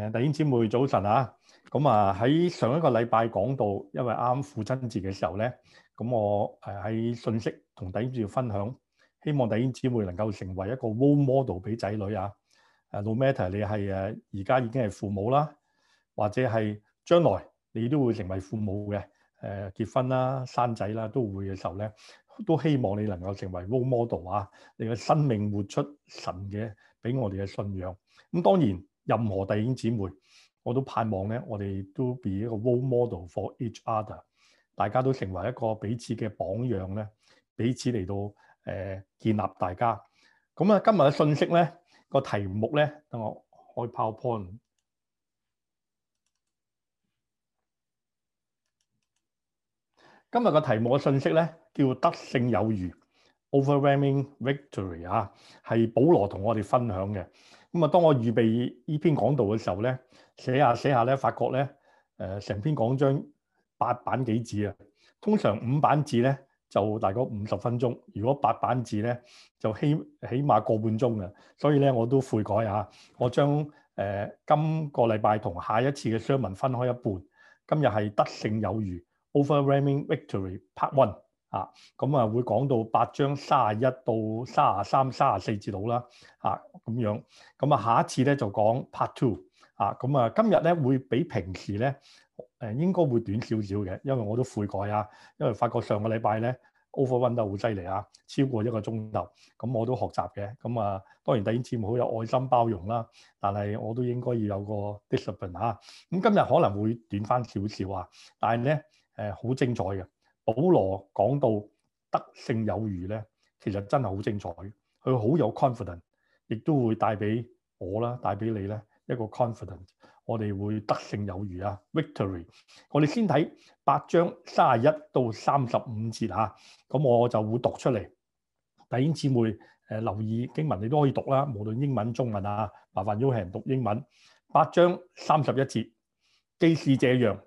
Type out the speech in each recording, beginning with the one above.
誒，弟兄姊妹早晨啊！咁啊，喺上一個禮拜講到，因為啱啱父親節嘅時候咧，咁我誒喺信息同弟兄姊妹分享，希望弟兄姊妹能夠成為一個 role model 俾仔女啊。誒，no matter 你係誒而家已經係父母啦，或者係將來你都會成為父母嘅，誒結婚啦、生仔啦都會嘅時候咧，都希望你能夠成為 role model 啊！你嘅生命活出神嘅，俾我哋嘅信仰。咁當然。任何弟兄姊妹，我都盼望咧，我哋都俾一個 role model for each other，大家都成為一個彼此嘅榜樣咧，彼此嚟到誒、呃、建立大家。咁、嗯、啊，今日嘅信息咧，個題目咧，等我開 PowerPoint。今日個題目嘅信息咧，叫得勝有餘 （Overwhelming Victory） 啊，係保羅同我哋分享嘅。咁啊！當我預備呢篇講道嘅時候咧，寫下寫下咧，發覺咧，誒、呃、成篇講章八版幾字啊。通常五版字咧就大概五十分鐘，如果八版字咧就起起碼個半鐘啊。所以咧我都悔改下。我將誒、呃、今個禮拜同下一次嘅 sermon 分開一半。今日係得勝有餘，Overwhelming Victory, Part One。啊，咁啊會講到八章三十一到三十三、三十四至到啦，啊咁樣，咁啊下一次咧就講 part two，啊咁啊今日咧會比平時咧誒應該會短少少嘅，因為我都悔改啊，因為發覺上個禮拜咧 overrun 得好犀利啊，超過一個鐘頭，咁、啊、我都學習嘅，咁啊當然第二節目好有愛心包容啦，但係我都應該要有個 discipline 啊，咁、啊、今日可能會短翻少少啊，但係咧誒好精彩嘅。保羅講到得勝有餘咧，其實真係好精彩，佢好有 confidence，亦都會帶俾我啦，帶俾你咧一個 confidence，我哋會得勝有餘啊，victory！我哋先睇八章三十一到三十五節嚇，咁我就會讀出嚟，弟兄姊妹誒留意經文，你都可以讀啦，無論英文中文啊，麻煩主持人讀英文。八章三十一節，既是這樣。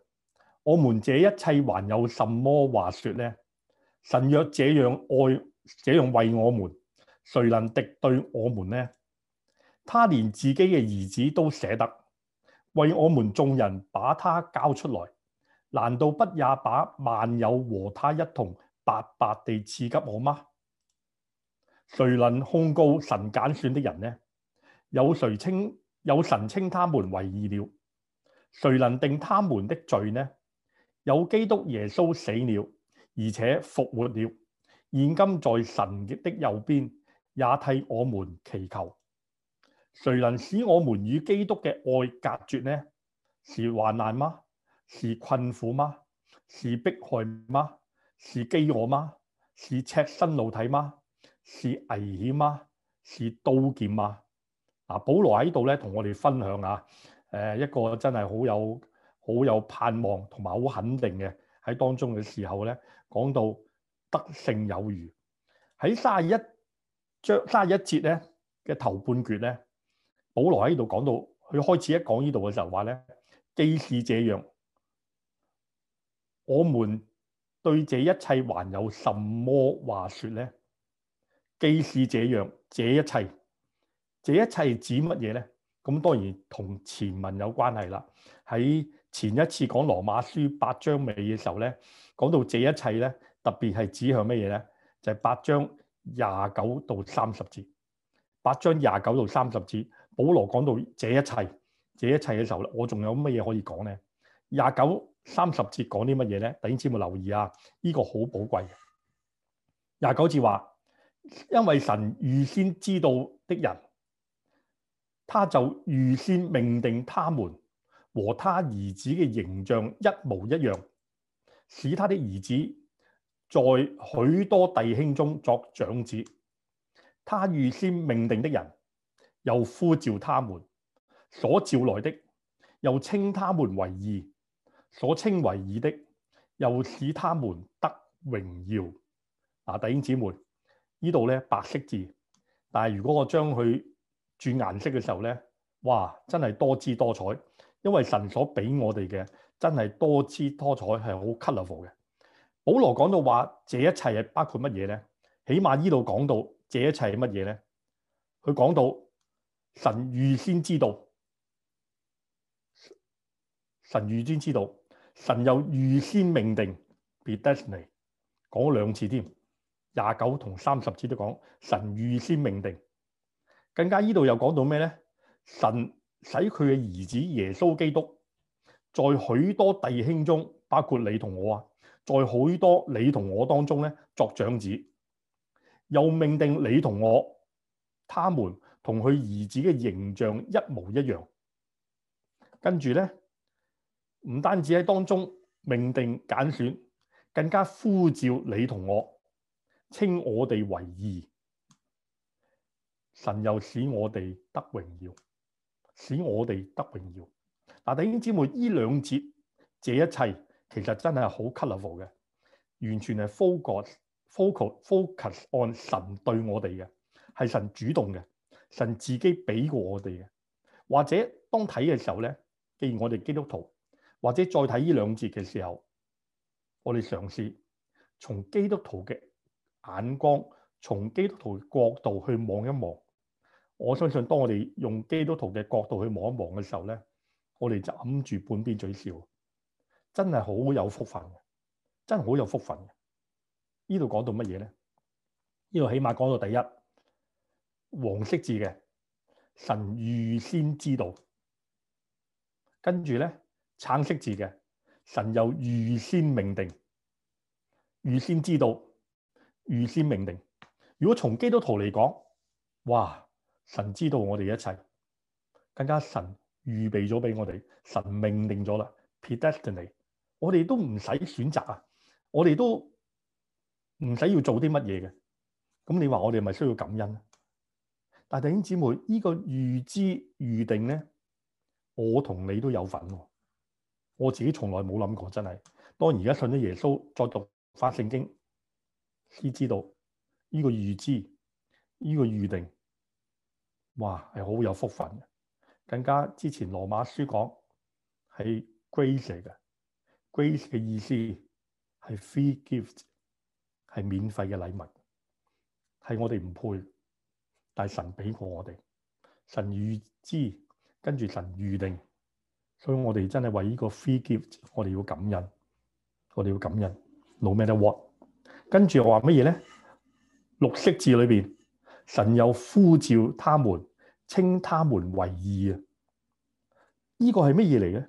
我們這一切還有什麼話說呢？神若這樣愛、這樣為我們，誰能敵對我們呢？他連自己嘅兒子都捨得為我們眾人把他交出來，難道不也把萬有和他一同白白地賜給我嗎？誰能控告神揀選的人呢？有誰稱有神稱他們為義了？誰能定他們的罪呢？有基督耶穌死了，而且復活了，現今在神的右邊，也替我們祈求。誰能使我們與基督嘅愛隔絕呢？是患難嗎？是困苦嗎？是迫害嗎？是飢餓嗎？是赤身露體嗎？是危險嗎？是刀劍嗎？啊，保羅喺度咧，同我哋分享啊，誒，一個真係好有。好有盼望同埋好肯定嘅喺當中嘅時候咧，講到得勝有餘。喺卅一章卅一節咧嘅頭半段咧，保羅喺呢度講到，佢開始一講呢度嘅時候話咧，既是這樣，我們對這一切還有什麼話說咧？既是這樣，這一切，這一切指乜嘢咧？咁當然同前文有關係啦。喺前一次講羅馬書八章尾嘅時候咧，講到這一切咧，特別係指向乜嘢咧？就係、是、八章廿九到三十節。八章廿九到三十節，保羅講到這一切，這一切嘅時候咧，我仲有乜嘢可以講咧？廿九三十節講啲乜嘢咧？弟兄姊妹留意啊，呢、這個好寶貴。廿九節話，因為神預先知道的人，他就預先命定他們。和他兒子嘅形象一模一樣，使他的兒子在許多弟兄中作長子。他預先命定的人，又呼召他們，所召來的又稱他們為義，所稱為義的又使他們得榮耀。啊，弟兄姊妹，這裏呢度呢白色字，但係如果我將佢轉顏色嘅時候呢，哇，真係多姿多彩。因為神所俾我哋嘅真係多姿多彩，係好 colourful 嘅。保羅講到話，這一切係包括乜嘢咧？起碼呢度講到，這一切係乜嘢咧？佢講到神預先知道，神預先知道，神又預先命定。別 destiny 講咗兩次添，廿九同三十節都講神預先命定。更加呢度又講到咩咧？神。使佢嘅兒子耶穌基督，在許多弟兄中，包括你同我啊，在許多你同我當中咧作長子，又命定你同我，他們同佢兒子嘅形象一模一樣。跟住咧，唔單止喺當中命定揀選，更加呼召你同我，稱我哋為義。神又使我哋得榮耀。使我哋得榮耀。嗱，弟兄姊妹，依兩節，這一切其實真係好 colorful 嘅，完全係 focus focus focus on 神對我哋嘅，係神主動嘅，神自己俾過我哋嘅。或者當睇嘅時候咧，既然我哋基督徒，或者再睇呢兩節嘅時候，我哋嘗試從基督徒嘅眼光，從基督徒角度去望一望。我相信當我哋用基督徒嘅角度去望一望嘅時候咧，我哋就揞住半邊嘴笑，真係好有福分，真係好有福分。呢度講到乜嘢咧？呢度起碼講到第一黃色字嘅神預先知道，跟住咧橙色字嘅神又預先命定、預先知道、預先命定。如果從基督徒嚟講，哇！神知道我哋一切，更加神預備咗俾我哋，神命令咗啦，predestiny，我哋都唔使選擇啊，我哋都唔使要做啲乜嘢嘅，咁你話我哋係咪需要感恩呢？但弟兄姊妹，呢個預知預定呢，我同你都有份喎，我自己從來冇諗過，真係。當而家信咗耶穌，再讀法聖經，先知道呢個預知，呢個預定。哇，係好有福分嘅，更加之前羅馬書講係 grace 嘅，grace 嘅意思係 free gift，係免費嘅禮物，係我哋唔配，但神俾過我哋，神預知，跟住神預定，所以我哋真係為呢個 free gift，我哋要感恩，我哋要感恩，no matter what，跟住又話乜嘢呢？綠色字裏面。.神又呼召他們，稱他們為義啊！呢個係乜嘢嚟嘅？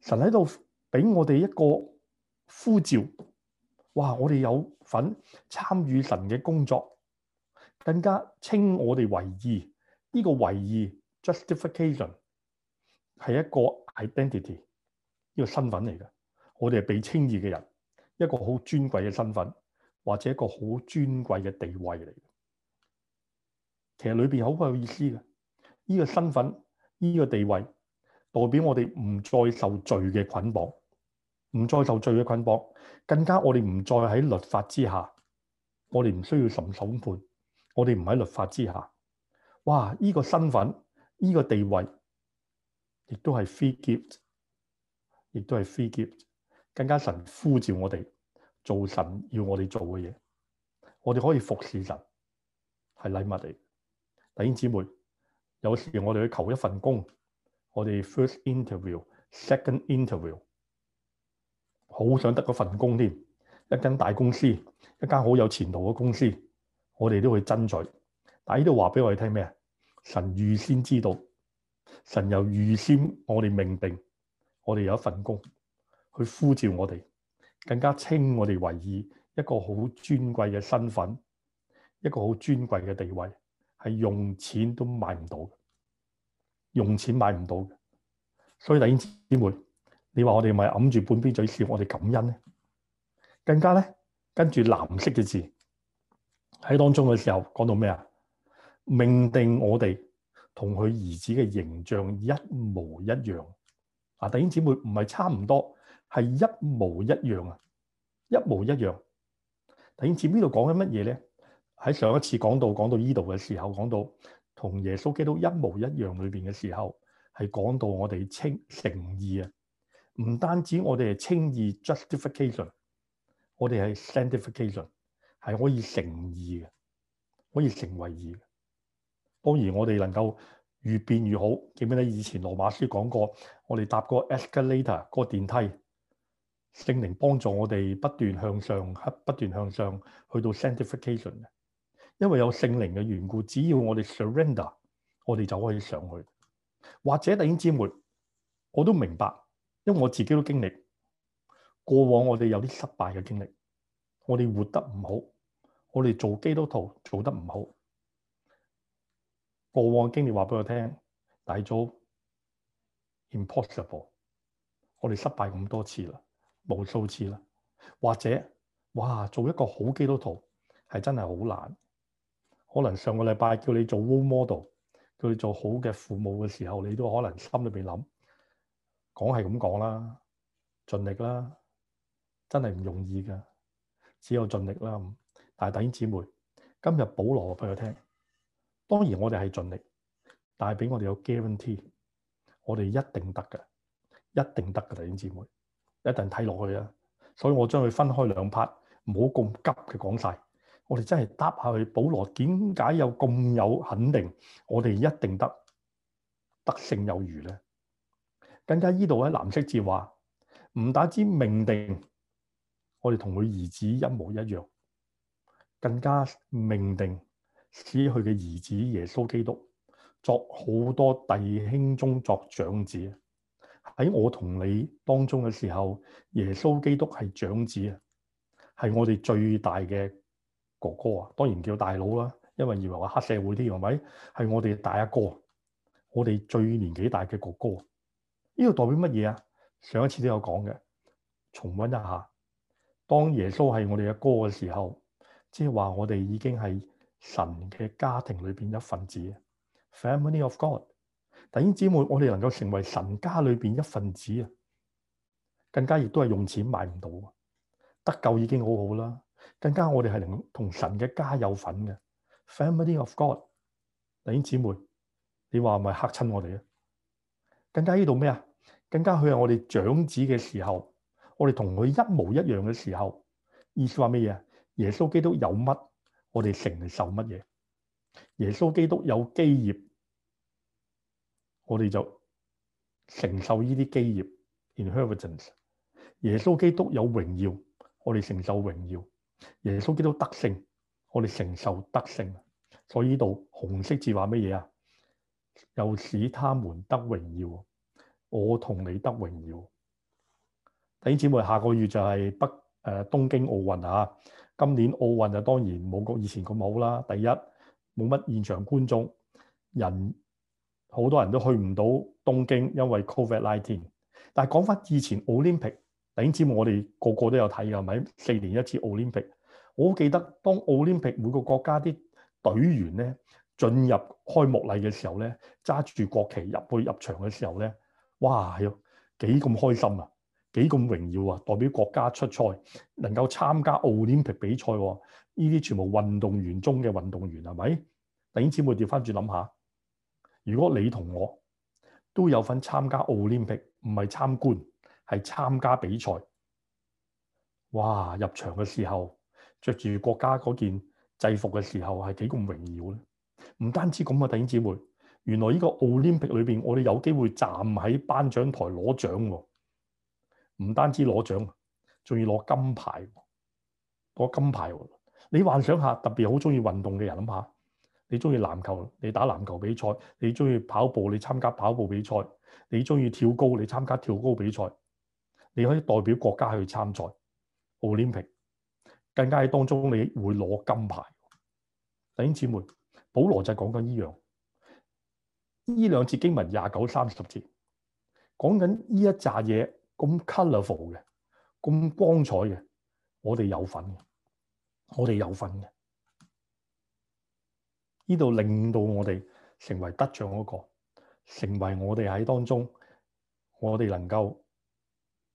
神喺度俾我哋一個呼召，哇！我哋有份參與神嘅工作，更加稱我哋為義。呢個為義 （Justification） 係一個 identity，呢個身份嚟嘅。我哋係被稱義嘅人，一個好尊貴嘅身份，或者一個好尊貴嘅地位嚟。其實裏邊好有意思嘅，呢個身份、呢個地位，代表我哋唔再受罪嘅捆綁，唔再受罪嘅捆綁，更加我哋唔再喺律法之下，我哋唔需要審判，我哋唔喺律法之下。哇！呢個身份、呢個地位，亦都係 free gift，亦都係 free gift，更加神呼召我哋做神要我哋做嘅嘢，我哋可以服侍神，係禮物嚟。弟兄姊妹，有時我哋去求一份工，我哋 first interview、second interview，好想得嗰份工添，一間大公司，一間好有前途嘅公司，我哋都會爭取。但係呢度話俾我哋聽咩啊？神預先知道，神又預先我哋命定，我哋有一份工，去呼召我哋，更加稱我哋為義，一個好尊貴嘅身份，一個好尊貴嘅地位。係用錢都買唔到的，用錢買唔到的，所以弟兄姊妹，你話我哋咪揞住半邊嘴笑，我哋感恩呢？更加呢，跟住藍色嘅字喺當中嘅時候講到咩啊？命定我哋同佢兒子嘅形象一模一樣。啊，弟兄姊妹，唔係差唔多，係一模一樣啊，一模一樣。弟兄姊妹這裡說什麼呢？呢度講緊乜嘢咧？喺上一次講到講到呢度嘅時候，講到同耶穌基督一模一樣裏邊嘅時候，係講到我哋稱成義啊。唔單止我哋係稱義 justification，我哋係 sanctification，係可以成義嘅，可以成為義。當然我哋能夠越變越好。記唔記得以前羅馬書講過，我哋搭個 escalator 個電梯，聖靈幫助我哋不斷向上，不斷向上去到 sanctification。因為有聖靈嘅緣故，只要我哋 surrender，我哋就可以上去。或者弟兄姊妹，我都明白，因為我自己都經歷過往我們歷，我哋有啲失敗嘅經歷，我哋活得唔好，我哋做基督徒做得唔好。過往經歷話俾我聽，大早 impossible，我哋失敗咁多次啦，無數次啦。或者哇，做一個好基督徒係真係好難。可能上個禮拜叫你做 role model，叫你做好嘅父母嘅時候，你都可能心裏面諗，講係咁講啦，盡力啦，真係唔容易㗎，只有盡力啦。但係弟兄姊妹，今日保羅話俾佢聽，當然我哋係盡力，但係俾我哋有 guarantee，我哋一定得嘅，一定得嘅，弟兄姊妹，一定睇落去啊。所以我將佢分開兩 part，唔好咁急嘅講曬。我哋真係答下去，保羅點解有咁有肯定？我哋一定得得勝有餘呢。更加呢度喺藍色字話，唔但只命定，我哋同佢兒子一模一樣，更加命定，使佢嘅兒子耶穌基督作好多弟兄中作長子。喺我同你當中嘅時候，耶穌基督係長子啊，係我哋最大嘅。哥哥啊，當然叫大佬啦，因為以為話黑社會啲，係咪？係我哋大阿哥，我哋最年紀大嘅哥哥。呢個代表乜嘢啊？上一次都有講嘅，重温一下。當耶穌係我哋阿哥嘅時候，即係話我哋已經係神嘅家庭裏邊一份子，Family of God。弟兄姊妹，持人我哋能夠成為神家裏邊一份子啊，更加亦都係用錢買唔到啊！得救已經好好啦。更加我哋係同神嘅家有份嘅，family of God。弟兄姊妹，你話係咪吓親我哋啊？更加呢度咩啊？更加佢係我哋長子嘅時候，我哋同佢一模一樣嘅時候，意思話咩嘢啊？耶穌基督有乜，我哋承受乜嘢？耶穌基督有基業，我哋就承受呢啲基業。Inheritance。耶穌基督有榮耀，我哋承受榮耀。耶穌基督得勝，我哋承受得勝。所以呢度紅色字話乜嘢啊？又使他們得榮耀，我同你得榮耀。弟兄姊妹，下個月就係北誒東京奧運啊！今年奧運就當然冇個以前咁好啦。第一，冇乜現場觀眾，人好多人都去唔到東京，因為 covid nineteen。19, 但係講翻以前 Olympic。頂尖節目，我哋個個都有睇嘅，係咪？四年一次奧林匹克，我好記得當奧林匹克每個國家啲隊員咧進入開幕禮嘅時候咧，揸住國旗入去入場嘅時候咧，哇！有幾咁開心啊，幾咁榮耀啊，代表國家出賽，能夠參加奧林匹克比賽啊，呢啲全部運動員中嘅運動員係咪？頂尖節目，調翻轉諗下，如果你同我都有份參加奧林匹克，唔係參觀。係參加比賽，哇！入場嘅時候着住國家嗰件制服嘅時候係幾咁榮耀咧？唔單止咁啊，弟兄姊妹，原來呢個奧林匹克裏邊，我哋有機會站喺頒獎台攞獎喎！唔單止攞獎，仲要攞金牌，攞金牌喎！你幻想下，特別好中意運動嘅人諗下，你中意籃球，你打籃球比賽；你中意跑步，你參加跑步比賽；你中意跳高，你參加跳高比賽。你可以代表國家去參賽奧林匹，更加喺當中你會攞金牌。弟兄姊妹，保羅就講緊依樣，依兩節經文廿九、三十節講緊依一紮嘢咁 colourful 嘅、咁光彩嘅，我哋有份嘅，我哋有份嘅。依度令到我哋成為得獎嗰個，成為我哋喺當中，我哋能夠。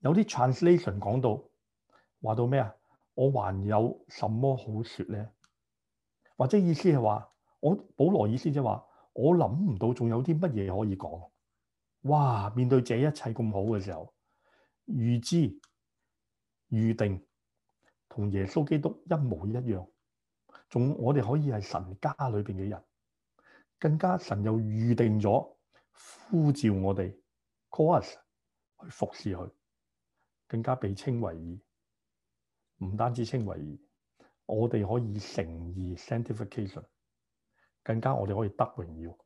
有啲 translation 講到話到咩啊？我還有什麼好說咧？或者意思係話我保羅意思即係話我諗唔到仲有啲乜嘢可以講。哇！面對這一切咁好嘅時候，預知、預定同耶穌基督一模一樣。仲我哋可以係神家裏邊嘅人，更加神又預定咗呼召我哋 call us 去服侍佢。更加被稱為義，唔單止稱為義，我哋可以成義。sanctification 更加我哋可以得榮耀。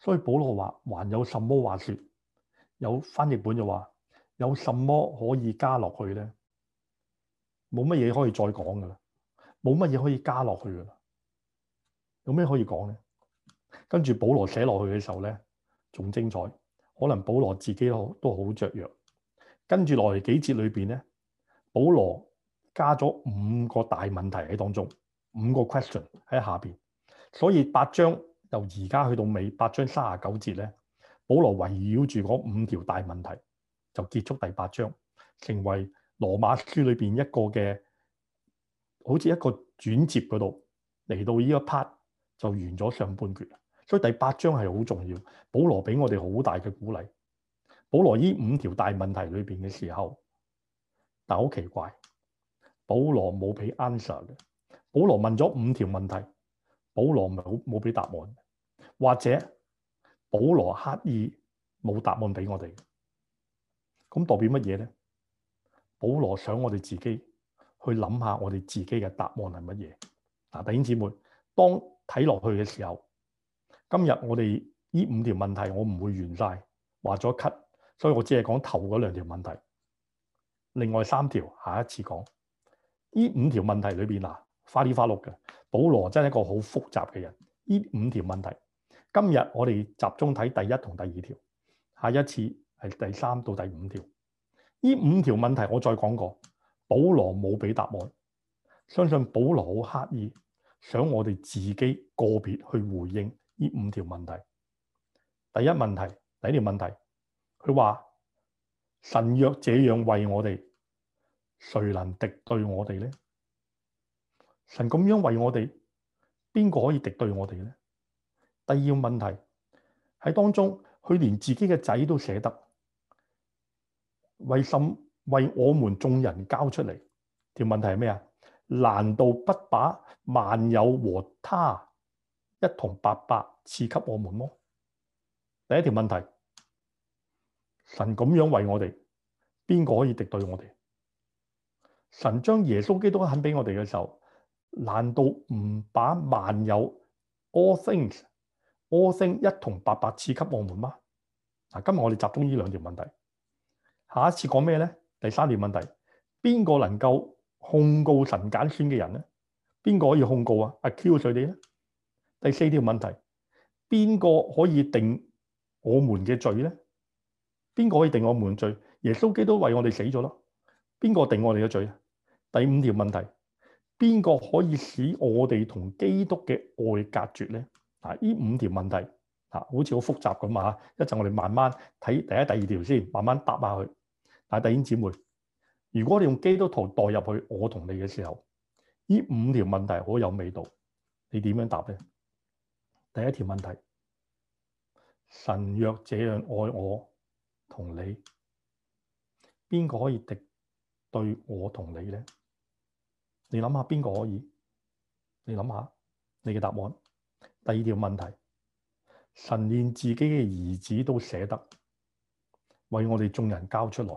所以保羅話：還有什麼話説？有翻譯本就話：有什麼可以加落去咧？冇乜嘢可以再講嘅啦，冇乜嘢可以加落去嘅啦。有咩可以講咧？跟住保羅寫落去嘅時候咧，仲精彩。可能保羅自己都都好雀躍。跟住落嚟幾節裏邊咧，保羅加咗五個大問題喺當中，五個 question 喺下邊。所以八章由而家去到尾，八章三十九節咧，保羅圍繞住嗰五條大問題就結束第八章，成為羅馬書裏邊一個嘅好似一個轉折嗰度嚟到呢一 part 就完咗上半橛。所以第八章係好重要，保羅俾我哋好大嘅鼓勵。保羅呢五條大問題裏邊嘅時候，但好奇怪，保羅冇俾 answer 嘅。保羅問咗五條問題，保羅唔係好冇俾答案，或者保羅刻意冇答案俾我哋。咁代表乜嘢咧？保羅想我哋自己去諗下我哋自己嘅答案係乜嘢。嗱、啊、弟兄姊妹，當睇落去嘅時候，今日我哋呢五條問題我唔會完晒，話咗 cut。所以我只係講頭嗰兩條問題，另外三條，下一次講。呢五條問題裏面，啊，花里花碌嘅。保羅真係一個好複雜嘅人。呢五條問題，今日我哋集中睇第一同第二條，下一次係第三到第五條。呢五條問題我再講過，保羅冇俾答案。相信保羅好刻意想我哋自己個別去回應呢五條問題。第一問題，第一條問題。佢話：神若這樣為我哋，誰能敵對我哋呢？神咁樣為我哋，邊個可以敵對我哋呢？第二個問題喺當中，佢連自己嘅仔都捨得，為什為我們眾人交出嚟？條問題係咩啊？難道不把萬有和他一同白白賜給我們麼？第一條問題。神咁樣為我哋，邊個可以敵對我哋？神將耶穌基督肯俾我哋嘅時候，難道唔把萬有 all things all things 一同白白賜給我們嗎？嗱，今日我哋集中呢兩條問題。下一次講咩咧？第三條問題，邊個能夠控告神揀選嘅人咧？邊個可以控告啊？阿 Q 佢哋咧？第四條問題，邊個可以定我們嘅罪咧？邊個可以定我們罪？耶穌基督為我哋死咗咯。邊個定我哋嘅罪啊？第五條問題，邊個可以使我哋同基督嘅愛隔絕咧？啊，呢五條問題啊，好似好複雜咁啊！一陣我哋慢慢睇第一、第二條先，慢慢答下佢。但係弟兄姊妹，如果你用基督徒代入去我同你嘅時候，呢五條問題好有味道。你點樣答咧？第一條問題，神若這樣愛我，同你邊個可以敵對我同你呢？你諗下邊個可以？你諗下你嘅答案。第二條問題：神連自己嘅兒子都捨得為我哋眾人交出來，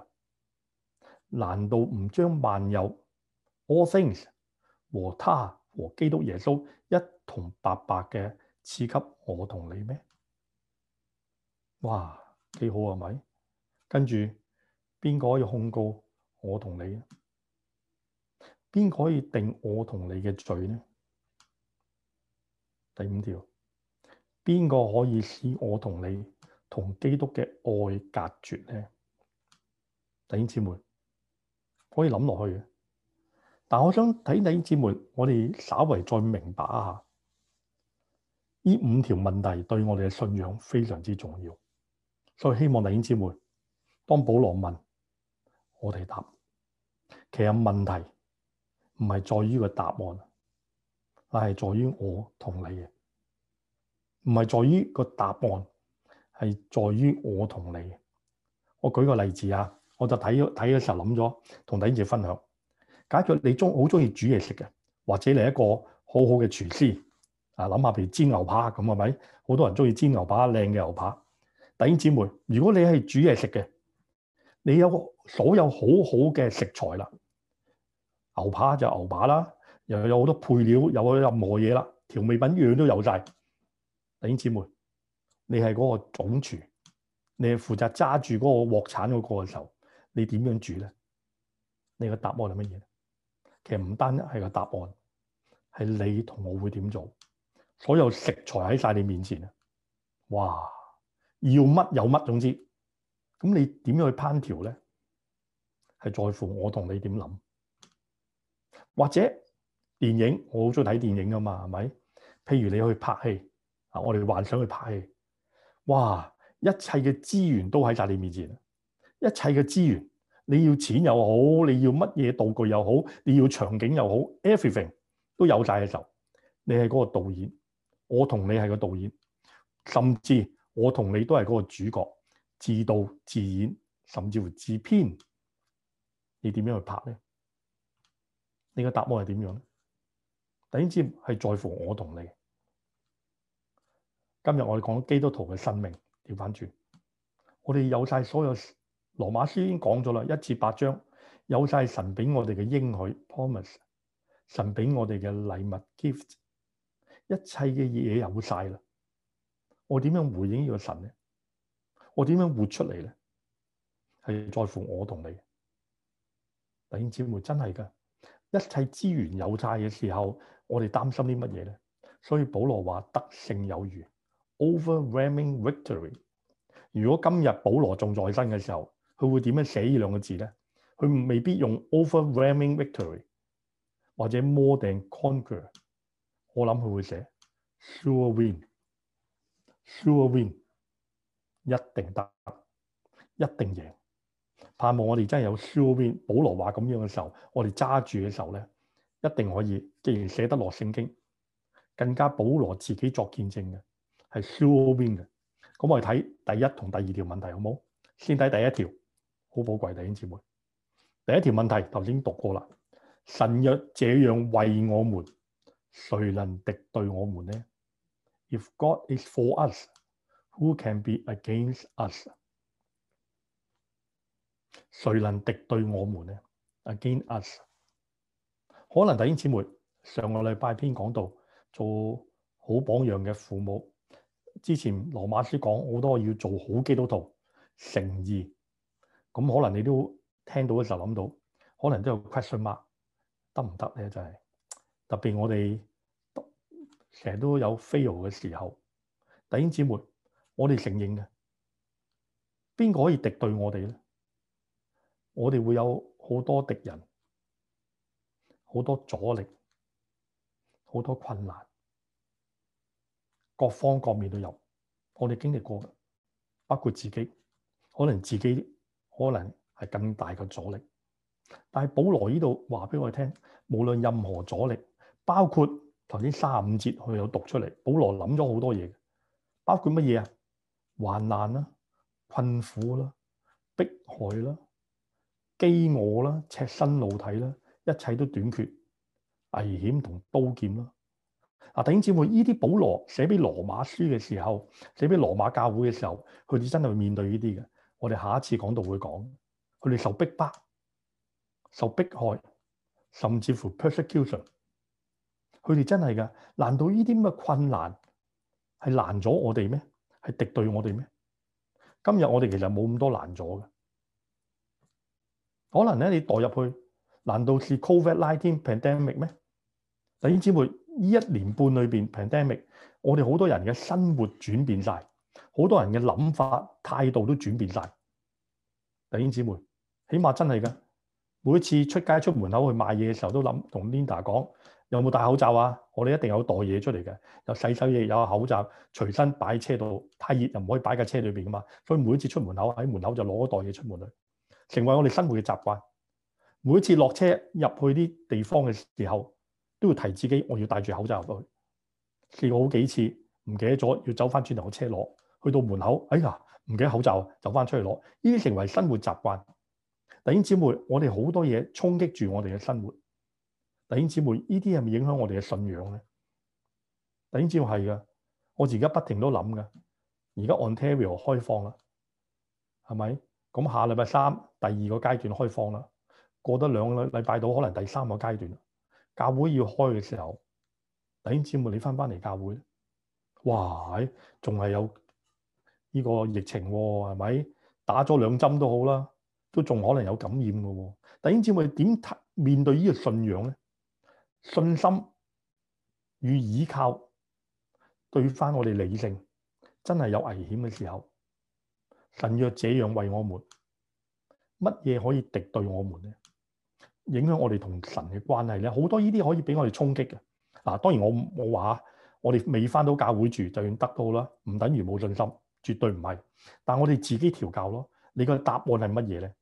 難道唔將萬有 all things 和他和基督耶穌一同白白嘅賜給我同你咩？哇，幾好係咪？是不是？跟住，邊個可以控告我同你？邊個可以定我同你嘅罪呢？第五條，邊個可以使我同你同基督嘅愛隔絕呢？弟兄姊妹可以諗落去。但我想睇弟兄姊妹，我哋稍為再明白一下，呢五條問題對我哋嘅信仰非常之重要，所以希望弟兄姊妹。當保羅問我哋答，其實問題唔係在於個答案，而係在於我同你嘅。唔係在於個答案，係在於我同你嘅。我舉個例子啊，我就睇睇嗰時候諗咗，同弟兄姊妹分享。假如你鍾好鍾意煮嘢食嘅，或者你一個好好嘅廚師啊，諗下譬如煎牛扒咁係咪？好多人鍾意煎牛扒，靚嘅牛扒。弟兄姊妹，如果你係煮嘢食嘅，你有所有好好嘅食材啦，牛扒就牛扒啦，又有好多配料，又有任何嘢啦，調味品樣樣都有晒。弟兄姊妹，你係嗰個總廚，你係負責揸住嗰個鑊鏟嗰個嘅時候，你點樣煮呢？你嘅答案係乜嘢咧？其實唔單一係個答案，係你同我會點做？所有食材喺晒你面前啊！哇，要乜有乜，總之。咁你點樣去烹調咧？係在乎我同你點諗，或者電影，我好中意睇電影噶嘛，係咪？譬如你去拍戲啊，我哋幻想去拍戲，哇！一切嘅資源都喺晒你面前，一切嘅資源，你要錢又好，你要乜嘢道具又好，你要場景又好，everything 都有晒嘅時候，你係嗰個導演，我同你係個導演，甚至我同你都係嗰個主角。自導自演，甚至乎自編，你點樣去拍咧？你個答案係點樣咧？等於係在乎我同你。今日我哋講基督徒嘅生命調翻轉，我哋有晒所有羅馬書已經講咗啦，一至八章有晒神俾我哋嘅應許 promise，神俾我哋嘅禮物 gift，一切嘅嘢有晒啦。我點樣回應呢個神咧？我點樣活出嚟咧？係在乎我同你弟兄姊妹真係噶，一切資源有差嘅時候，我哋擔心啲乜嘢咧？所以保羅話得勝有餘，overwhelming victory。如果今日保羅仲在生嘅時候，佢會點樣寫呢兩個字咧？佢未必用 overwhelming victory 或者 more than conquer。我諗佢會寫 sure win，sure win。一定得，一定贏。盼望我哋真係有 sure win。保羅話咁樣嘅時候，我哋揸住嘅時候呢，一定可以。既然寫得落聖經，更加保羅自己作見證嘅係 sure win 嘅。咁我哋睇第一同第二條問題好唔好？先睇第一條，好寶貴，弟兄姊妹。第一條問題頭先讀過啦。神若這樣為我們，誰能敵對我們呢？If God is for us Who can be against us？誰能敵對我們呢？Against us，可能弟兄姊妹上個禮拜篇講到做好榜樣嘅父母，之前羅馬書講好多要做好基督徒誠意，咁、嗯、可能你都聽到嘅時候諗到，可能都有 question mark，得唔得呢？就係、是、特別我哋成日都有 fail 嘅時候，弟兄姊妹。我哋承認嘅，邊個可以敵對我哋呢？我哋會有好多敵人，好多阻力，好多困難，各方各面都有。我哋經歷過嘅，包括自己，可能自己可能係更大嘅阻力。但係保羅呢度話俾我哋聽，無論任何阻力，包括頭先三十五節佢有讀出嚟，保羅諗咗好多嘢，包括乜嘢啊？患難啦、啊、困苦啦、啊、迫害啦、啊、飢餓啦、啊、赤身露體啦、啊，一切都短缺、危險同刀劍啦、啊。嗱，弟兄姊妹，依啲保羅寫俾羅馬書嘅時候，寫俾羅馬教會嘅時候，佢哋真係會面對依啲嘅。我哋下一次講到會講，佢哋受迫迫、受迫害，甚至乎 persecution，佢哋真係㗎。難道依啲咁嘅困難係難倒我哋咩？係敵對我哋咩？今日我哋其實冇咁多難阻嘅，可能咧你代入去，難道是 COVID-19 pandemic 咩？弟兄姊妹，呢一年半裏邊 pandemic，我哋好多人嘅生活轉變晒，好多人嘅諗法態度都轉變晒。弟兄姊妹，起碼真係嘅，每次出街出門口去買嘢嘅時候都諗同 Linda 講。有冇戴口罩啊？我哋一定有袋嘢出嚟嘅，有洗手液，有口罩，隨身擺喺車度。太熱又唔可以擺架車裏邊噶嘛。所以每一次出門口喺門口就攞嗰袋嘢出門去，成為我哋生活嘅習慣。每次落車入去啲地方嘅時候，都要提自己我要戴住口罩入去。試過好幾次唔記得咗，要走翻轉頭個車攞。去到門口，哎呀唔記得口罩，走翻出去攞。呢啲成為生活習慣。弟兄姊妹，我哋好多嘢衝擊住我哋嘅生活。弟兄姊妹，依啲係咪影響我哋嘅信仰呢？弟兄姊妹係㗎，我而家不停都諗㗎。而家 Ontario 開放啦，係咪？咁下禮拜三第二個階段開放啦。過得兩個禮拜到，可能第三個階段。教會要開嘅時候，弟兄姊妹，你翻返嚟教會咧？哇，仲係有依個疫情係、啊、咪？打咗兩針都好啦，都仲可能有感染㗎、啊。弟兄姊妹點面對依個信仰呢？信心與倚靠對翻我哋理性真係有危險嘅時候，神若這樣為我們，乜嘢可以敵對我們咧？影響我哋同神嘅關係咧？好多呢啲可以俾我哋衝擊嘅。嗱，當然我我話我哋未翻到教會住，就算得到啦，唔等於冇信心，絕對唔係。但我哋自己調教咯。你個答案係乜嘢咧？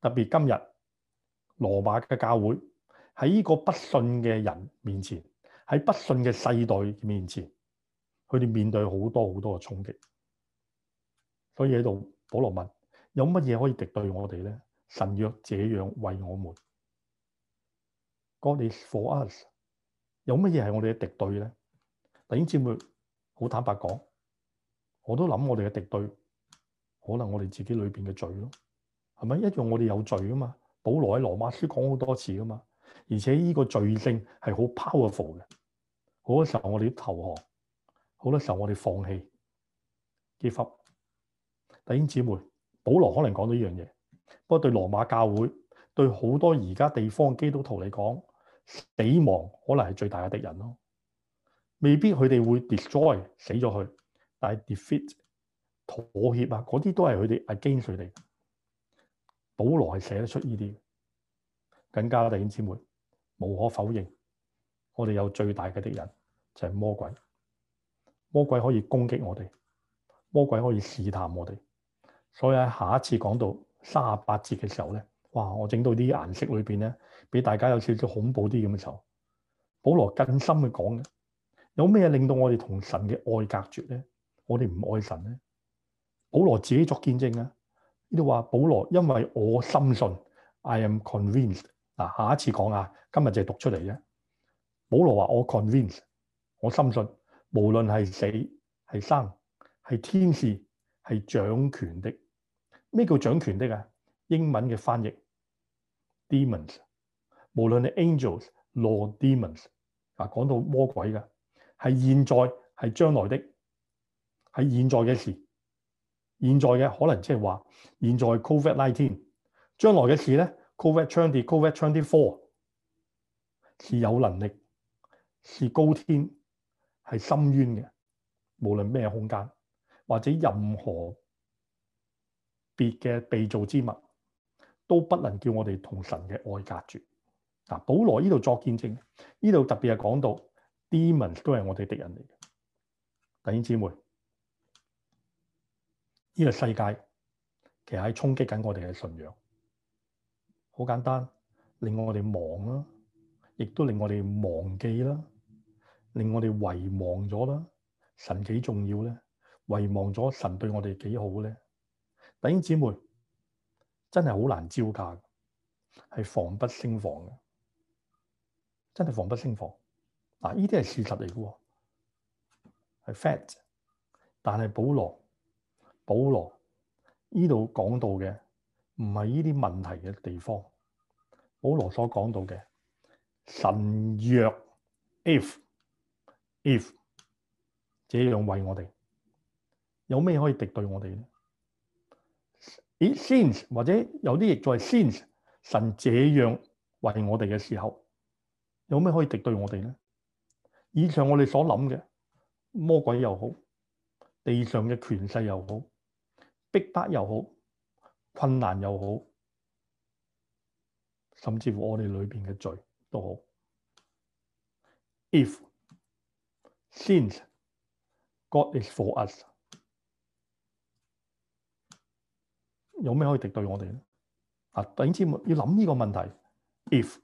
特別今日羅馬嘅教會。喺呢個不信嘅人面前，喺不信嘅世代面前，佢哋面對好多好多嘅衝擊。所以喺度，保羅問：有乜嘢可以敵對我哋咧？神若這樣為我們 God is for us。有乜嘢係我哋嘅敵對咧？弟兄姊妹，好坦白講，我都諗我哋嘅敵對，可能我哋自己裏邊嘅罪咯，係咪一樣？我哋有罪噶嘛？保羅喺羅馬書講好多次噶嘛？而且呢個罪性係好 powerful 嘅，好多時候我哋投降，好多時候我哋放棄，結發弟兄姊妹，保羅可能講到呢樣嘢，不過對羅馬教會，對好多而家地方基督徒嚟講，死亡可能係最大嘅敵人咯，未必佢哋會 destroy 死咗佢，但係 defeat 妥協啊，嗰啲都係佢哋 against 佢哋，保羅係寫得出呢啲。更加弟兄姊妹，無可否認，我哋有最大嘅敵人就係魔鬼。魔鬼可以攻擊我哋，魔鬼可以試探我哋。所以喺下一次講到三十八節嘅時候咧，哇！我整到啲顏色裏邊咧，俾大家有少少恐怖啲咁嘅時候，保羅更深去講嘅，有咩令到我哋同神嘅愛隔絕咧？我哋唔愛神咧？保羅自己作見證啊！呢度話保羅因為我深信，I am convinced。嗱，下一次講啊，今日就係讀出嚟啫。保羅話：我 convinced，我深信，無論係死、係生、係天使、係掌權的，咩叫掌權的啊？英文嘅翻譯 demons，無論你 angels，law demons 啊，講到魔鬼㗎，係現在，係將來的，係現在嘅事，現在嘅可能即係話現在 COVID-19，將來嘅事咧。Covid twenty, Covid twenty four 是有能力，是高天，係深淵嘅。無論咩空間，或者任何別嘅被造之物，都不能叫我哋同神嘅愛隔絕。嗱，保羅呢度作見證，呢度特別係講到 Demons 都係我哋敵人嚟嘅。弟兄姊妹，呢、這個世界其實喺衝擊緊我哋嘅信仰。好簡單，令我哋忙啦，亦都令我哋忘記啦，令我哋遺忘咗啦。神幾重要咧？遺忘咗神對我哋幾好咧？弟兄姊妹，真係好難招架，係防不勝防嘅，真係防不勝防。嗱，呢啲係事實嚟嘅喎，係 fact。但係保羅，保羅呢度講到嘅。唔係呢啲問題嘅地方，保羅所講到嘅神若 if if 這樣為我哋，有咩可以敵對我哋呢？It seems，或者有啲亦在 since，神這樣為我哋嘅時候，有咩可以敵對我哋呢？以上我哋所諗嘅魔鬼又好，地上嘅權勢又好，逼迫又好。困難又好，甚至乎我哋裏邊嘅罪都好。If, since God is for us，有咩可以敵對我哋咧？嗱，弟兄姊妹要諗呢個問題。If,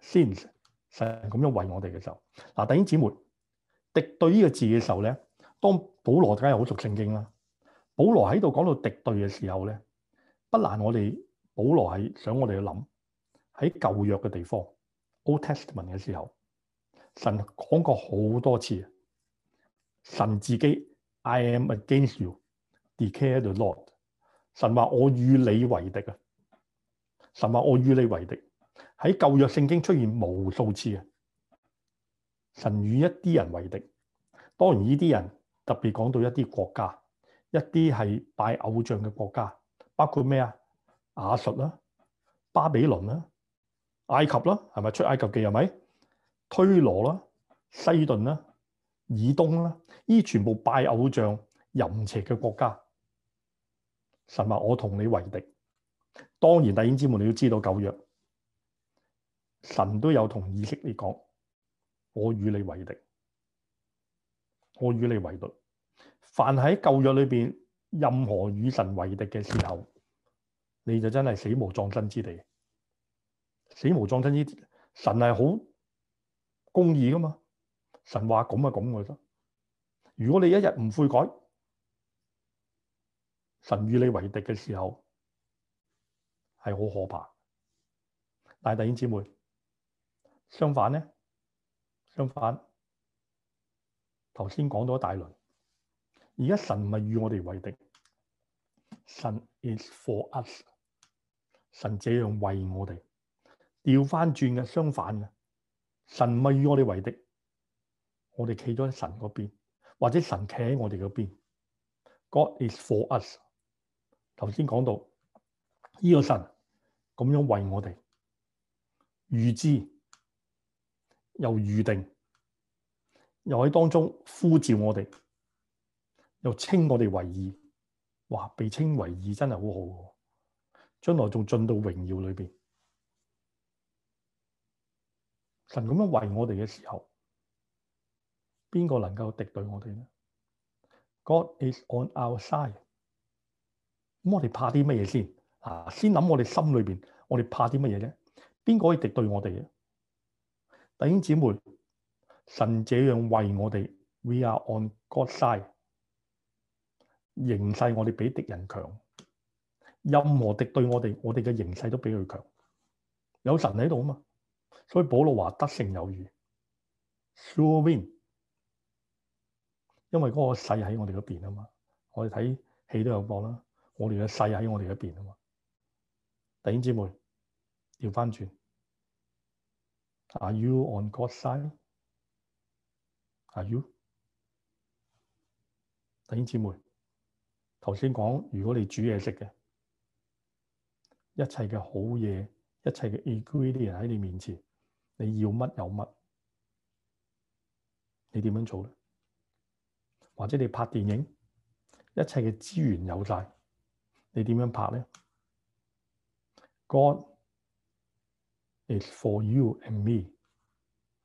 since 神咁樣為我哋嘅時候，嗱，弟兄姊妹敵對呢個字嘅時候呢？當保羅大家又好熟聖經啦。保羅喺度講到敵對嘅時候咧，不難我哋保羅係想我哋去諗喺舊約嘅地方 Old Testament 嘅時候，神講過好多次，神自己 I am against you，declare the Lord，神話我與你為敵啊，神話我與你為敵，喺舊約聖經出現無數次啊，神與一啲人為敵，當然呢啲人特別講到一啲國家。一啲係拜偶像嘅國家，包括咩啊？亞述啦、巴比倫啦、啊、埃及啦、啊，係咪出埃及記？係咪推羅啦、啊、西頓啦、啊、以東啦、啊？呢全部拜偶像、淫邪嘅國家，神話我同你為敵。當然，弟兄姊妹你要知道舊約，神都有同以色列講：我與你為敵，我與你為敵。凡喺舊約裏面，任何與神為敵嘅時候，你就真係死無葬身之地，死無葬身之地。神係好公義噶嘛？神話咁啊咁噶啫。如果你一日唔悔改，神與你為敵嘅時候係好可怕。但係弟兄姐妹，相反呢？相反，頭先講咗一大輪。而家神咪與我哋為敵，神 is for us，神這樣為我哋，掉返轉嘅，相反嘅，神咪與我哋為敵，我哋企咗喺神嗰邊，或者神企喺我哋嗰邊，God is for us。頭先講到呢、這個神咁樣為我哋預知，又預定，又喺當中呼召我哋。又稱我哋為義，哇！被稱為義真係好好，將來仲進到榮耀裏邊。神咁樣為我哋嘅時候，邊個能夠敵對我哋呢？God is on our side。咁我哋怕啲乜嘢先啊？先諗我哋心裏邊，我哋怕啲乜嘢啫？邊個可以敵對我哋啊？弟兄姊妹，神這樣為我哋，We are on God's side。形勢我哋比敵人強，任何敵對我哋，我哋嘅形勢都比佢強。有神喺度啊嘛，所以保羅話得勝有餘。Sure win，因為嗰個勢喺我哋嗰邊啊嘛。我哋睇戲都有講啦，我哋嘅勢喺我哋嗰邊啊嘛。弟兄姊妹，調返轉。Are you on God's side？Are you？弟兄姊妹。頭先講，如果你煮嘢食嘅，一切嘅好嘢，一切嘅 ingredient 喺你面前，你要乜有乜，你點樣做咧？或者你拍電影，一切嘅資源有晒，你點樣拍咧？God is for you and me。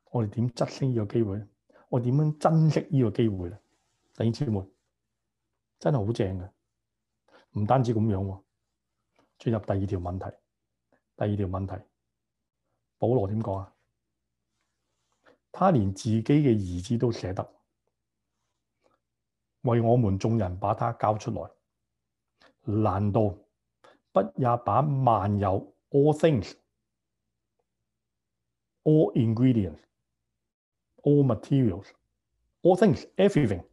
我哋點珍惜呢個機會咧？我點樣珍惜呢個機會咧？弟兄們。真係好正嘅，唔單止咁樣喎、啊。進入第二條問題，第二條問題，保羅點講啊？他連自己嘅兒子都捨得，為我們眾人把他交出來。難道不也把萬有 all things、all ingredients、all materials、all things、everything？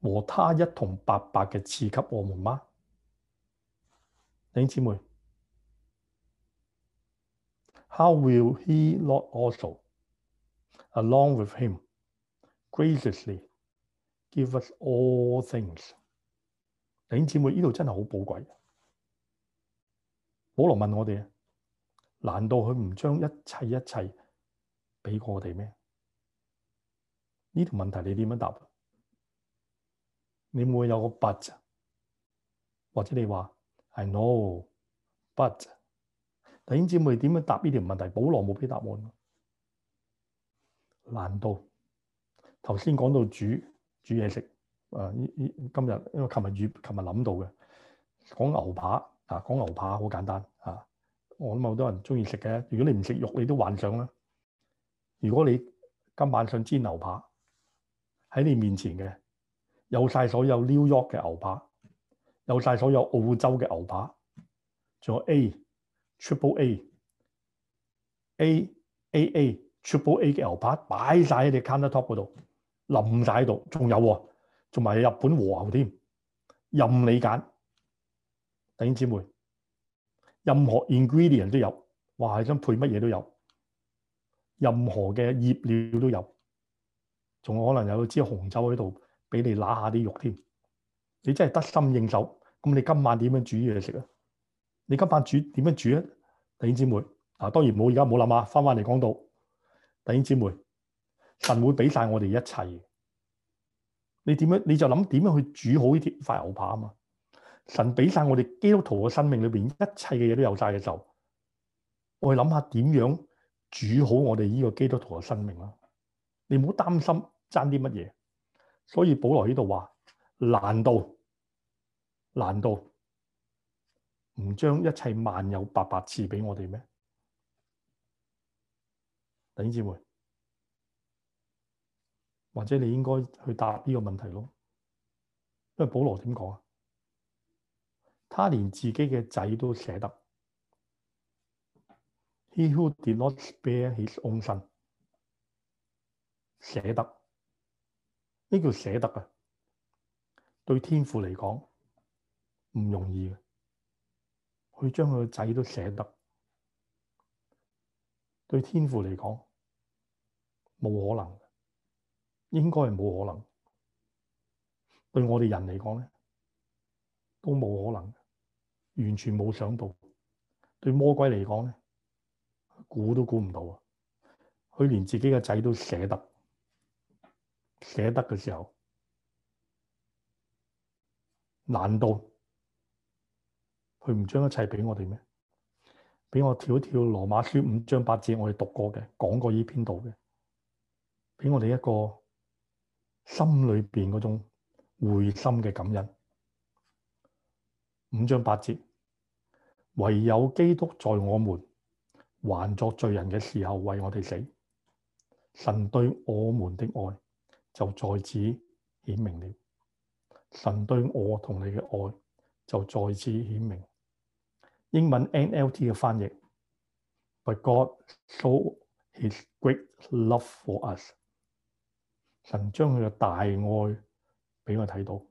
和他一同白白嘅賜給我們嗎？弟兄姊妹，How will he not also, along with him, graciously give us all things？弟兄姊妹，呢度真係好寶貴啊。保羅問我哋，難道佢唔將一切一切俾過我哋咩？呢條問題你點樣答？你會有個 but，或者你話 I know，but 弟兄姊妹，點樣答呢條問題？保羅冇俾答案喎。難道頭先講到煮煮嘢食，啊、今日因為琴日煮，琴日諗到嘅講牛扒啊，講牛扒好簡單嚇、啊。我諗好多人鍾意食嘅。如果你唔食肉，你都幻想啦。如果你今晚想煎牛扒喺你面前嘅。有曬所有 New York 紐約嘅牛扒，有曬所有澳洲嘅牛扒，仲有 A、A、A、A、A、A 嘅牛扒擺曬喺你 counter top 嗰度，淋曬喺度，仲有喎、啊，仲埋日本和牛添，任你揀，弟兄姊妹，任何 ingredient 都有，哇，你想配乜嘢都有，任何嘅醃料都有，仲可能有支紅酒喺度。俾你揦下啲肉添，你真係得心應手。咁你今晚點樣煮嘢食啊？你今晚煮點樣煮啊？弟兄姊妹，啊當然冇，而家冇諗啊。翻翻嚟講到，弟兄姊妹，神會俾晒我哋一切。你點樣？你就諗點樣去煮好呢條塊牛扒啊？嘛，神俾晒我哋基督徒嘅生命裏邊一切嘅嘢都有晒嘅時候，我諗下點樣煮好我哋呢個基督徒嘅生命啦。你唔好擔心爭啲乜嘢。所以保羅呢度話，難道難道唔將一切萬有白白賜俾我哋咩？弟兄姊妹，或者你應該去答呢個問題咯。因為保羅點講啊？他連自己嘅仔都捨得。He who did not spare his own son，捨得。呢叫捨得啊！對天父嚟講唔容易嘅，佢將佢個仔都捨得。對天父嚟講冇可能，應該係冇可能。對我哋人嚟講咧，都冇可能，完全冇想到。對魔鬼嚟講咧，估都估唔到啊！佢連自己嘅仔都捨得。捨得嘅時候，難道佢唔將一切俾我哋咩？俾我跳一跳羅馬書五章八節，我哋讀過嘅，講過呢篇道嘅，俾我哋一個心裏邊嗰種會心嘅感恩。五章八節，唯有基督在我們還作罪人嘅時候為我哋死，神對我們的愛。就在此顯明了，神對我同你嘅愛就在此顯明。英文 NLT 嘅翻譯，But God showed His great love for us。神將佢嘅大愛俾我睇到，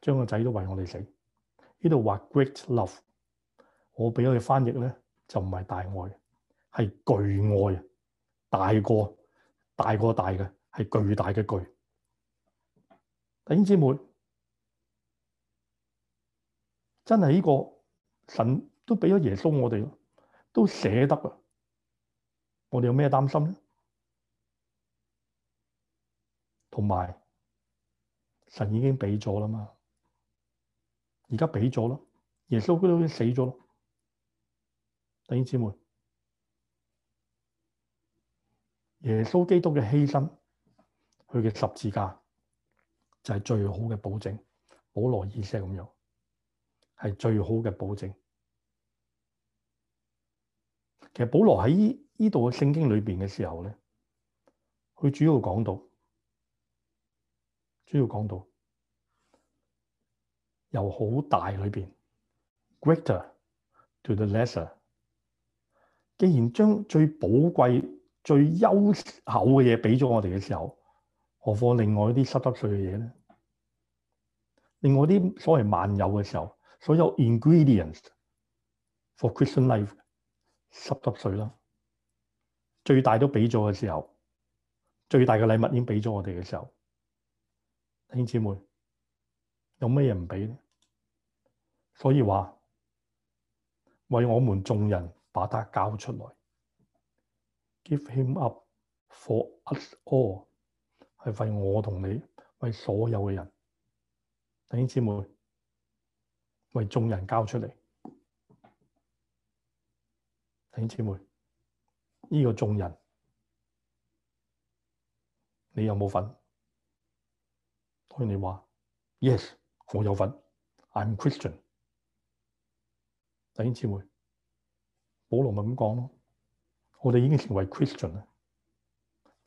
將個仔都為我哋死。呢度話 great love，我俾你嘅翻譯呢，就唔係大愛，係巨愛，大過大過大嘅。係巨大嘅巨，弟兄姊妹，真係呢個神都俾咗耶穌我哋，都捨得嘅，我哋有咩擔心咧？同埋神已經俾咗啦嘛，而家俾咗咯，耶穌基督死咗咯，弟兄姊妹，耶穌基督嘅犧牲。佢嘅十字架就係最好嘅保證，保羅意思係咁樣，係最好嘅保證。其實保羅喺呢呢度嘅聖經裏邊嘅時候呢，佢主要講到，主要講到由好大裏面 Greater to the lesser，既然將最寶貴、最優厚嘅嘢俾咗我哋嘅時候。何況另外啲濕濕碎嘅嘢呢？另外啲所謂萬有嘅時候，所有 ingredients for Christian life 濕濕碎啦，最大都俾咗嘅時候，最大嘅禮物已經俾咗我哋嘅時候，兄姊妹有咩嘢唔俾呢？所以話為我們眾人把他交出來，Give him up for us all。係為我同你，為所有嘅人，弟兄姊妹，為眾人交出嚟，弟兄姊妹，呢個眾人，你有冇份？我同你話 yes，我有份，I'm Christian。弟兄姊妹，保羅咪咁講咯，我哋已經成為 Christian 啦。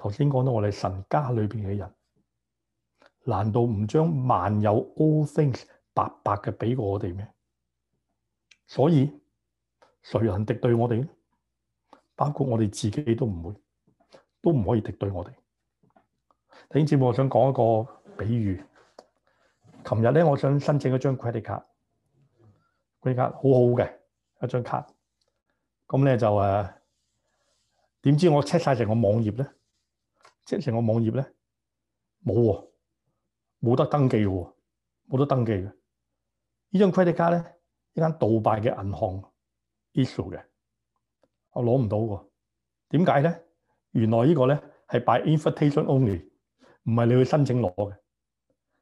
頭先講到我哋神家裏面嘅人，難道唔將萬有 all things 白白嘅俾我哋咩？所以誰人敵對我哋，包括我哋自己都唔會，都唔可以敵對我哋。頭先節目我想講一個比喻。琴日咧，我想申請一張 credit card，credit card 好好嘅一張卡。咁咧就誒，點、呃、知我 check 曬成個網頁咧？即係成個網頁咧，冇喎、啊，冇得登記嘅喎，冇得登記嘅。張呢張 credit card 咧，一間杜拜嘅銀行 issue 嘅，我攞唔到喎。點解咧？原來個呢個咧係 by invitation only，唔係你去申請攞嘅，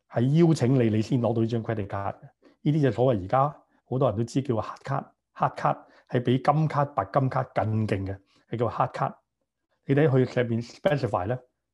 係邀請你你先攞到呢張 credit card 嘅。呢啲就所謂而家好多人都知叫黑卡，黑卡係比金卡、白金卡更勁嘅，係叫黑卡。你睇佢上面 specify 咧。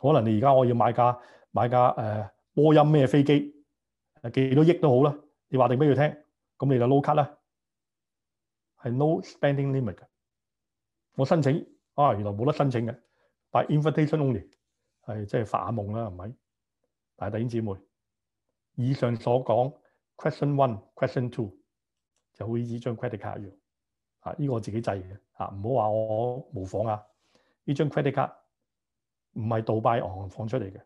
可能你而家我要買，架，買架波音咩飛機，誒幾多億都好啦，你話定俾佢聽，咁你就撈 cut 啦，係 no spending limit 我申請、啊、原來冇得申請嘅，by invitation only，係即係發下夢啦，係咪？大弟兄姊妹，以上所講，question one，question two，就好似依張 credit card 卡一樣，啊，依、依個我自己製嘅，啊唔好話我模仿啊，依張 credit card。唔係杜拜銀行放出嚟嘅，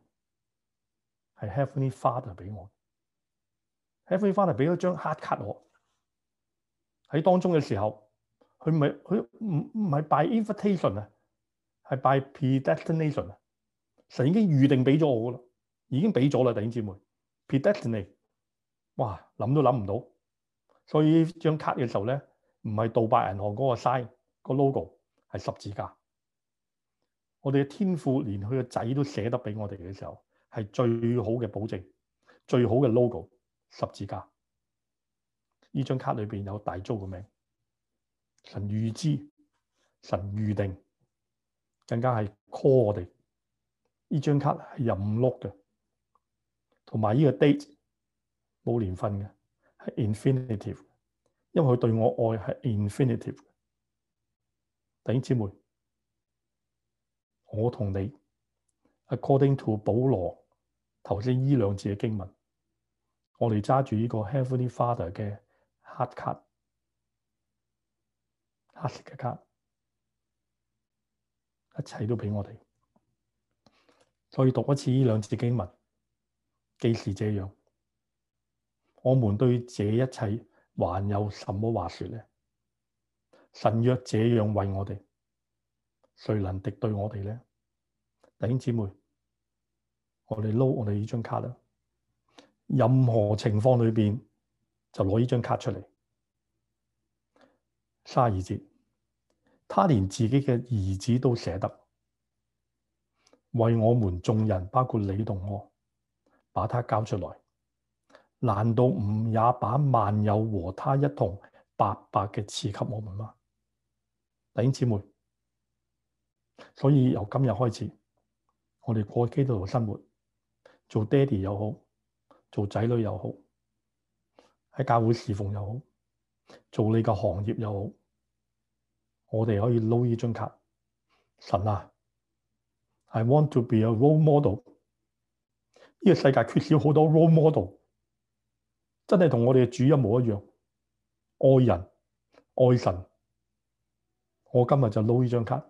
係 Heavenly Father 俾我，He 我。Heavenly Father 俾咗張黑卡我，喺當中嘅時候，佢唔係佢唔唔係 by invitation 啊，係 by predestination 啊。神已經預定俾咗我噶啦，已經俾咗啦，弟兄姊妹。predestinate，a t 哇諗都諗唔到，所以張卡嘅時候咧，唔係杜拜銀行嗰個 sign 個 logo 係十字架。我哋嘅天父連佢個仔都捨得俾我哋嘅時候，係最好嘅保證，最好嘅 logo 十字架。呢張卡裏邊有大租嘅名，神預知，神預定，更加係 call 我哋。呢張卡係任碌嘅，同埋呢個 date 冇年份嘅，係 infinite，因為佢對我愛係 infinite。弟兄姊妹。我同你，according to 保羅頭先呢兩節嘅經文，我哋揸住呢個 Heavenly Father 嘅黑卡，黑色嘅卡，一切都畀我哋。再讀一次呢兩節經文，既是這樣，我們對這一切還有什麼話說呢？神若這樣為我哋。誰能敵對我哋咧？弟兄姊妹，我哋撈我哋呢張卡啦。任何情況裏邊就攞呢張卡出嚟，三十二節，他連自己嘅兒子都捨得，為我們眾人，包括你同我，把他交出來。難道唔也把萬有和他一同白白嘅賜給我們嗎？弟兄姊妹。所以由今日開始，我哋過基督徒生活，做爹哋又好，做仔女又好，喺教會侍奉又好，做你嘅行業又好，我哋可以撈呢張卡。神啊，I want to be a role model。呢個世界缺少好多 role model，真係同我哋嘅主一模一樣，愛人、愛神。我今日就撈呢張卡。